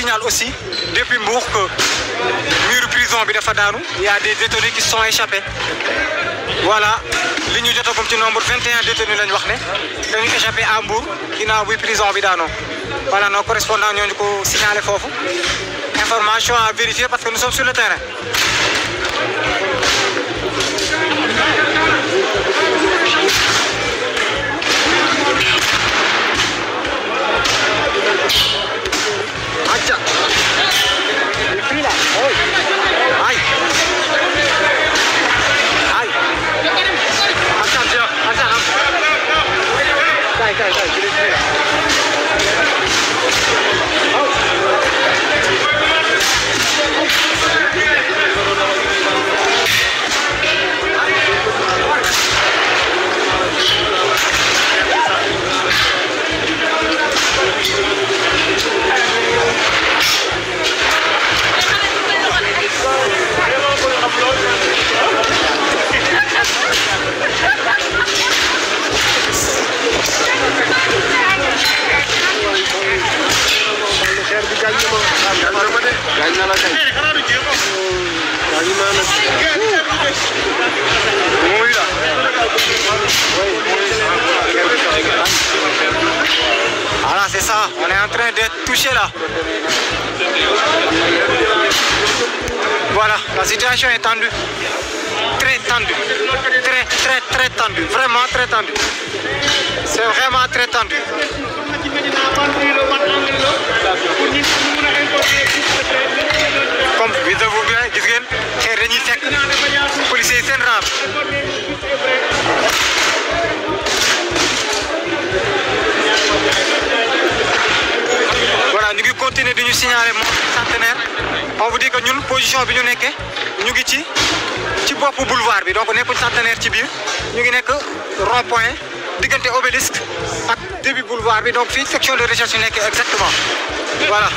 signale aussi depuis Mbour que mur prison bi dafa daanu il des détenus qui sont échappés voilà li ñu jotagum ci nombre 21 détenus lañ wax ne dañu échappé à Mbour bi prison bi daanoo voilà nos correspondants ko signalé foofu information à vérifier parce que nous sommes sur le terrain. Tiens touché là. Voilà, la situation est tendue. Très tendue. Très, très, très Vraiment très tendue. vraiment très tendu. comme vidéo bi gis ngeen xeer fekk policier yi seen ñu signalé moom centenaire on vous dit que ñun position bi ñu nekkee ñu ngi ci ci boppu boulevard bi donc nekkuñ centenaire ci biir ñu ngi nekk rond point diggante obélisque ak début boulevard bi donc fi section de recherche yu nekkee exactement voilà.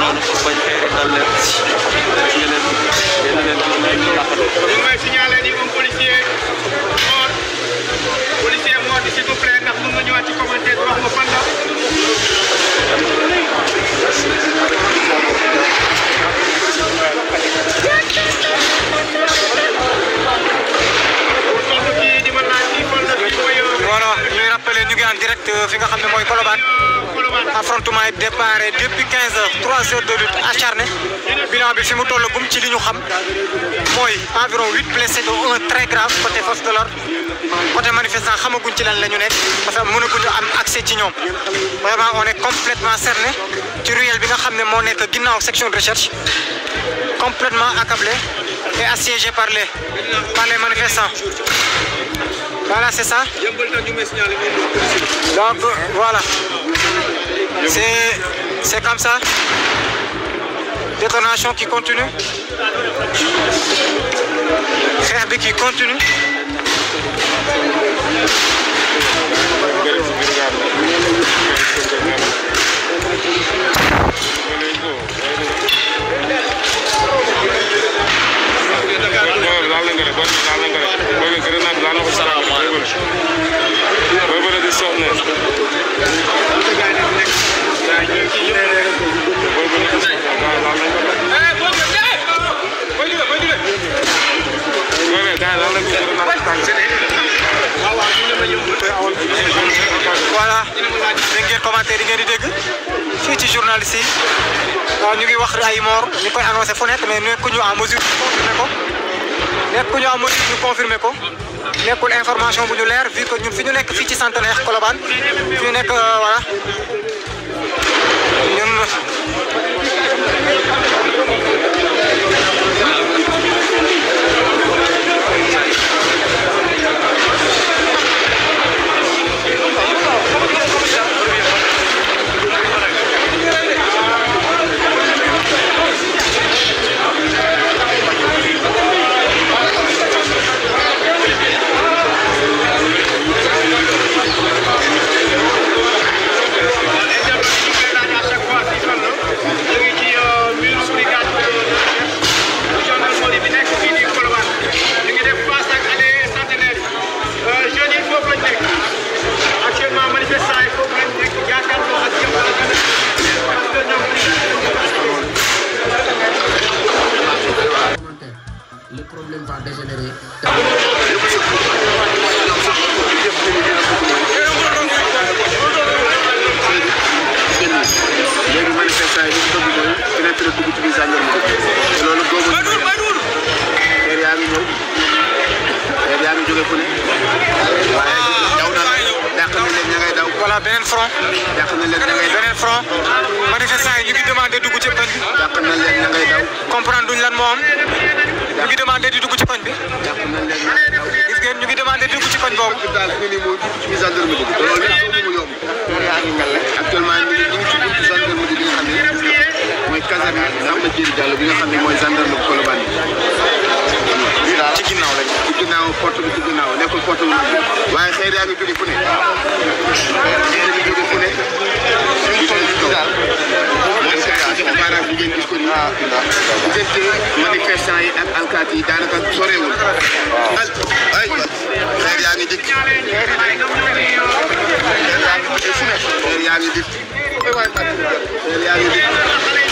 noonu pour bañ xeer dal leen dañu leen dañu leen di may naqari. ñu ngi may signalé ni moom policier mort policier mort s'il vous plaît ndax mën nga ñëwaat ci commentaire wax nga fan la. Diomaye départ depuis 15 heures 3 heures de lutte acharnée bilan bi fi mu toll gum ci li ñu xam mooy environ 8 blessés dont un très grave côté force de l'ordre coté manifestant xamaguñ ci lan lañu ñu nekk parce que mënaguñu am accès ci ñoom vraiment on est complètement cerné ci ruelle bi nga xam ne moo nekk ginnaaw section de recherche completement accablé et assiégé par les par les manifestants voilà c'est ça voilà C'est comme ça Détonation qui continue Herbe qui continue voilà ñu ngi commentaire yi ngeen dégg fii ci journaliste yi waaw ñu wax ay mort ñu koy annoncé fu nekk mais nekkuñu en mesure ñu confirmé ko nekkuñu en mesure ñu confirmé ko nekkul information bu ñu leer vu que ñun fi ñu nekk fii ci Centenaire Colobane fi ñu nekk euh, voilà ñun. mètre dugg ci biir gendarmerie te loolu boobu xeer yaa ngi ñëw xeer yaa ngi jóge fu ne waaye ah, daw na beneen front dàq na leen yi ñu ngi demandé dugg ci pañ bi dàq na leen ña ngay daw comprendre duñ lan moo am ñu ngi demandé di dugg ci pañ bi dàq na leen ña daw ñu ngi demandé di dugg Seydou Diallo bi nga xam ne mooy gendarme bu Colobane bi. ci ginnaaw lañ. ci ginnaaw porte bi ci ginnaaw nekkul porte bu nag waaye xëy yaa ngi jóge fu ne. xëy na jóge fu ne. ñu toll nii daal. mooy séeréer yi baaraam bi ngeen gis ko nii. diggante manifestant yi ak alkaati yi daanaka sorewul. ay xeer yaa ngi dikk. xeer yaa ngi dikk. xeer yaa ngi dikk.